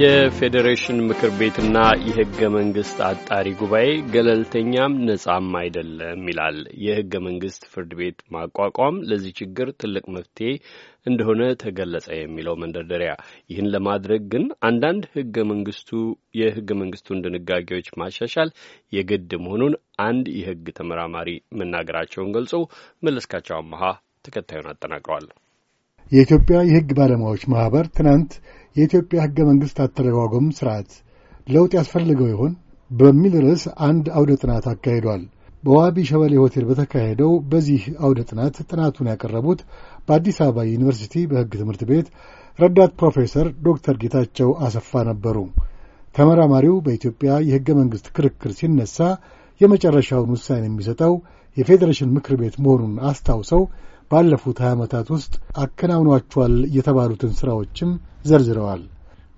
የፌዴሬሽን ምክር ቤትና የህገ መንግስት አጣሪ ጉባኤ ገለልተኛም ነጻም አይደለም ይላል። የህገ መንግስት ፍርድ ቤት ማቋቋም ለዚህ ችግር ትልቅ መፍትሄ እንደሆነ ተገለጸ የሚለው መንደርደሪያ። ይህን ለማድረግ ግን አንዳንድ ህገ መንግስቱ የህገ መንግስቱን ድንጋጌዎች ማሻሻል የግድ መሆኑን አንድ የህግ ተመራማሪ መናገራቸውን ገልጾ መለስካቸው አመሃ ተከታዩን አጠናቅረዋል። የኢትዮጵያ የሕግ ባለሙያዎች ማኅበር ትናንት የኢትዮጵያ ሕገ መንግሥት አተረጓጎም ሥርዓት ለውጥ ያስፈልገው ይሆን በሚል ርዕስ አንድ አውደ ጥናት አካሂዷል። በዋቢ ሸበሌ ሆቴል በተካሄደው በዚህ አውደ ጥናት ጥናቱን ያቀረቡት በአዲስ አበባ ዩኒቨርሲቲ በሕግ ትምህርት ቤት ረዳት ፕሮፌሰር ዶክተር ጌታቸው አሰፋ ነበሩ። ተመራማሪው በኢትዮጵያ የሕገ መንግሥት ክርክር ሲነሳ የመጨረሻውን ውሳኔ የሚሰጠው የፌዴሬሽን ምክር ቤት መሆኑን አስታውሰው ባለፉት 2 ዓመታት ውስጥ አከናውኗቸዋል የተባሉትን ሥራዎችም ዘርዝረዋል።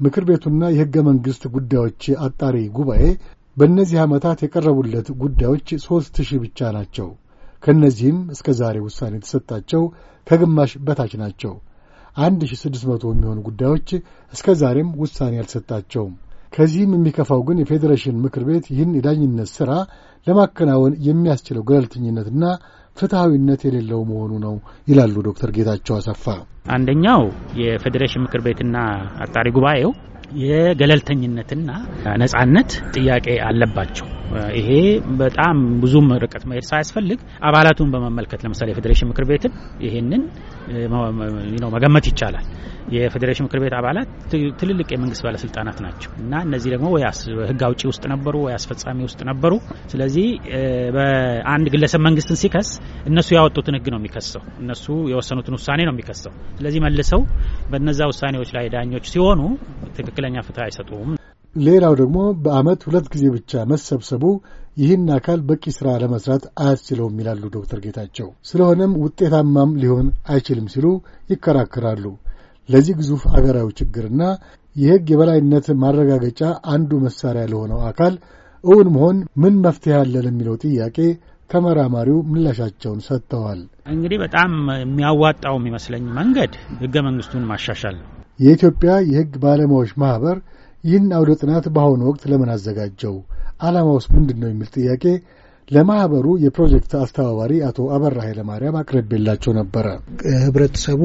ምክር ቤቱና የሕገ መንግሥት ጉዳዮች አጣሪ ጉባኤ በእነዚህ ዓመታት የቀረቡለት ጉዳዮች ሦስት ሺህ ብቻ ናቸው። ከእነዚህም እስከ ዛሬ ውሳኔ የተሰጣቸው ከግማሽ በታች ናቸው። አንድ ሺህ ስድስት መቶ የሚሆኑ ጉዳዮች እስከ ዛሬም ውሳኔ አልሰጣቸውም። ከዚህም የሚከፋው ግን የፌዴሬሽን ምክር ቤት ይህን የዳኝነት ሥራ ለማከናወን የሚያስችለው ገለልተኝነትና ፍትሐዊነት የሌለው መሆኑ ነው ይላሉ ዶክተር ጌታቸው አሰፋ። አንደኛው የፌዴሬሽን ምክር ቤትና አጣሪ ጉባኤው የገለልተኝነትና ነጻነት ጥያቄ አለባቸው። ይሄ በጣም ብዙ ርቀት መሄድ ሳያስፈልግ አባላቱን በመመልከት ለምሳሌ የፌዴሬሽን ምክር ቤትን ይሄንን መገመት ይቻላል። የፌዴሬሽን ምክር ቤት አባላት ትልልቅ የመንግስት ባለስልጣናት ናቸው እና እነዚህ ደግሞ ወይ ህግ አውጪ ውስጥ ነበሩ ወይ አስፈጻሚ ውስጥ ነበሩ። ስለዚህ በአንድ ግለሰብ መንግስትን ሲከስ እነሱ ያወጡትን ህግ ነው የሚከሰው፣ እነሱ የወሰኑትን ውሳኔ ነው የሚከሰው። ስለዚህ መልሰው በነዛ ውሳኔዎች ላይ ዳኞች ሲሆኑ ትክክለኛ ፍትህ አይሰጡም። ሌላው ደግሞ በዓመት ሁለት ጊዜ ብቻ መሰብሰቡ ይህን አካል በቂ ሥራ ለመሥራት አያስችለውም ይላሉ ዶክተር ጌታቸው። ስለሆነም ውጤታማም ሊሆን አይችልም ሲሉ ይከራከራሉ። ለዚህ ግዙፍ አገራዊ ችግርና የሕግ የበላይነት ማረጋገጫ አንዱ መሣሪያ ለሆነው አካል እውን መሆን ምን መፍትሄ አለ ለሚለው ጥያቄ ተመራማሪው ምላሻቸውን ሰጥተዋል። እንግዲህ በጣም የሚያዋጣው የሚመስለኝ መንገድ ሕገ መንግሥቱን ማሻሻል ነው። የኢትዮጵያ የሕግ ባለሙያዎች ማኅበር ይህን አውደ ጥናት በአሁኑ ወቅት ለምን አዘጋጀው? ዓላማውስ ምንድን ነው? የሚል ጥያቄ ለማህበሩ የፕሮጀክት አስተባባሪ አቶ አበራ ኃይለማርያም አቅርቤላቸው ነበረ። ህብረተሰቡ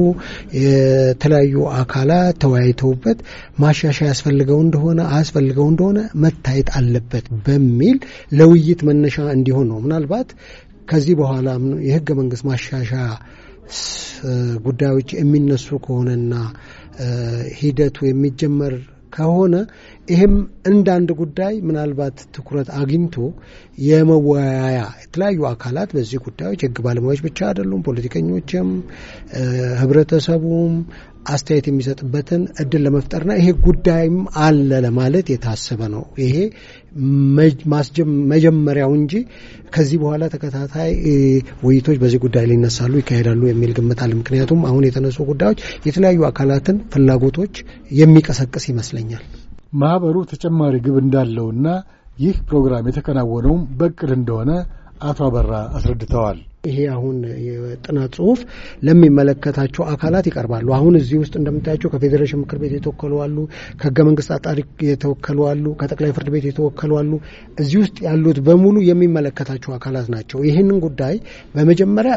የተለያዩ አካላት ተወያይተውበት ማሻሻያ ያስፈልገው እንደሆነ አያስፈልገው እንደሆነ መታየት አለበት በሚል ለውይይት መነሻ እንዲሆን ነው። ምናልባት ከዚህ በኋላ የህገ መንግስት ማሻሻያ ጉዳዮች የሚነሱ ከሆነና ሂደቱ የሚጀመር ከሆነ ይሄም እንደ አንድ ጉዳይ ምናልባት ትኩረት አግኝቶ የመወያያ የተለያዩ አካላት በዚህ ጉዳዮች ህግ ባለሙያዎች ብቻ አይደሉም፣ ፖለቲከኞችም፣ ህብረተሰቡም፣ አስተያየት የሚሰጥበትን እድል ለመፍጠርና ይሄ ጉዳይም አለ ለማለት የታሰበ ነው። ይሄ መጀመሪያው እንጂ ከዚህ በኋላ ተከታታይ ውይይቶች በዚህ ጉዳይ ሊነሳሉ ይካሄዳሉ የሚል ግምት አለ። ምክንያቱም አሁን የተነሱ ጉዳዮች የተለያዩ አካላትን ፍላጎቶች የሚቀሰቅስ ይመስለኛል። ማህበሩ ተጨማሪ ግብ እንዳለውና ይህ ፕሮግራም የተከናወነውም በቅድ እንደሆነ አቶ አበራ አስረድተዋል። ይሄ አሁን የጥናት ጽሁፍ ለሚመለከታቸው አካላት ይቀርባሉ። አሁን እዚህ ውስጥ እንደምታያቸው ከፌዴሬሽን ምክር ቤት የተወከሉ አሉ፣ ከህገ መንግስት አጣሪ የተወከሉ አሉ፣ ከጠቅላይ ፍርድ ቤት የተወከሉ አሉ። እዚህ ውስጥ ያሉት በሙሉ የሚመለከታቸው አካላት ናቸው። ይህንን ጉዳይ በመጀመሪያ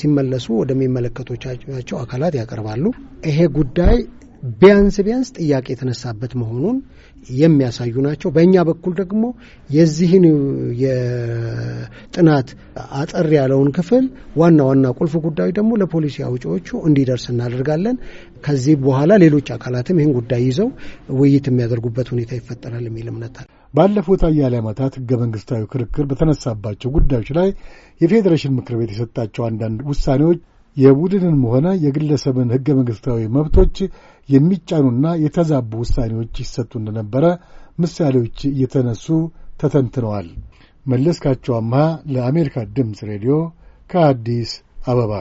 ሲመለሱ ወደሚመለከቶቻቸው አካላት ያቀርባሉ። ይሄ ጉዳይ ቢያንስ ቢያንስ ጥያቄ የተነሳበት መሆኑን የሚያሳዩ ናቸው። በእኛ በኩል ደግሞ የዚህን የጥናት አጠር ያለውን ክፍል ዋና ዋና ቁልፍ ጉዳዩ ደግሞ ለፖሊሲ አውጪዎቹ እንዲደርስ እናደርጋለን። ከዚህ በኋላ ሌሎች አካላትም ይህን ጉዳይ ይዘው ውይይት የሚያደርጉበት ሁኔታ ይፈጠራል የሚል እምነት አለ። ባለፉት አያሌ ዓመታት ህገ መንግስታዊ ክርክር በተነሳባቸው ጉዳዮች ላይ የፌዴሬሽን ምክር ቤት የሰጣቸው አንዳንድ ውሳኔዎች የቡድንም ሆነ የግለሰብን ሕገ መንግሥታዊ መብቶች የሚጫኑና የተዛቡ ውሳኔዎች ይሰጡ እንደነበረ ምሳሌዎች እየተነሱ ተተንትነዋል። መለስካቸው አምሃ ለአሜሪካ ድምፅ ሬዲዮ ከአዲስ አበባ